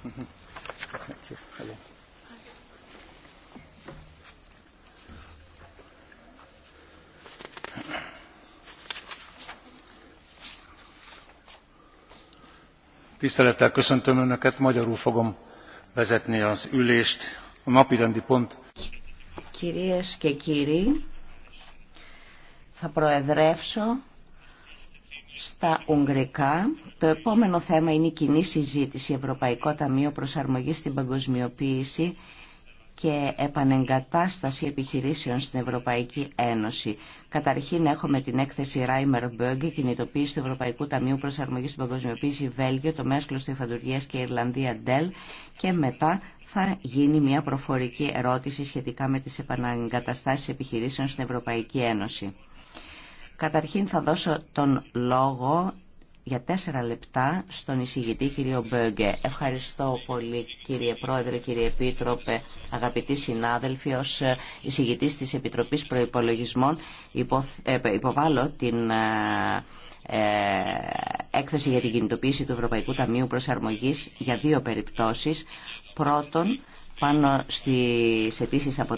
Thank you. Hello. Tisztelettel köszöntöm Önöket, magyarul fogom vezetni az ülést. A napirendi pont. Kérés, και κύριοι, θα στα Ουγγρικά. Το επόμενο θέμα είναι η κοινή συζήτηση Ευρωπαϊκό Ταμείο Προσαρμογής στην Παγκοσμιοποίηση και επανεγκατάσταση επιχειρήσεων στην Ευρωπαϊκή Ένωση. Καταρχήν έχουμε την έκθεση Reimer Böge, κινητοποίηση του Ευρωπαϊκού Ταμείου Προσαρμογή στην Παγκοσμιοποίηση Βέλγιο, το Μέσκλο τη Ιφαντουργία και Ιρλανδία Ντέλ. Και μετά θα γίνει μια προφορική ερώτηση σχετικά με τι επαναγκαταστάσει επιχειρήσεων στην Ευρωπαϊκή Ένωση. Καταρχήν θα δώσω τον λόγο για τέσσερα λεπτά στον εισηγητή κύριο Μπέγκε. Ευχαριστώ πολύ κύριε Πρόεδρε, κύριε Επίτροπε, αγαπητοί συνάδελφοι. Ως εισηγητής της Επιτροπής Προϋπολογισμών ε, υποβάλλω την ε, ε, έκθεση για την κινητοποίηση του Ευρωπαϊκού Ταμείου Προσαρμογής για δύο περιπτώσεις. Πρώτον, πάνω στις αιτήσει από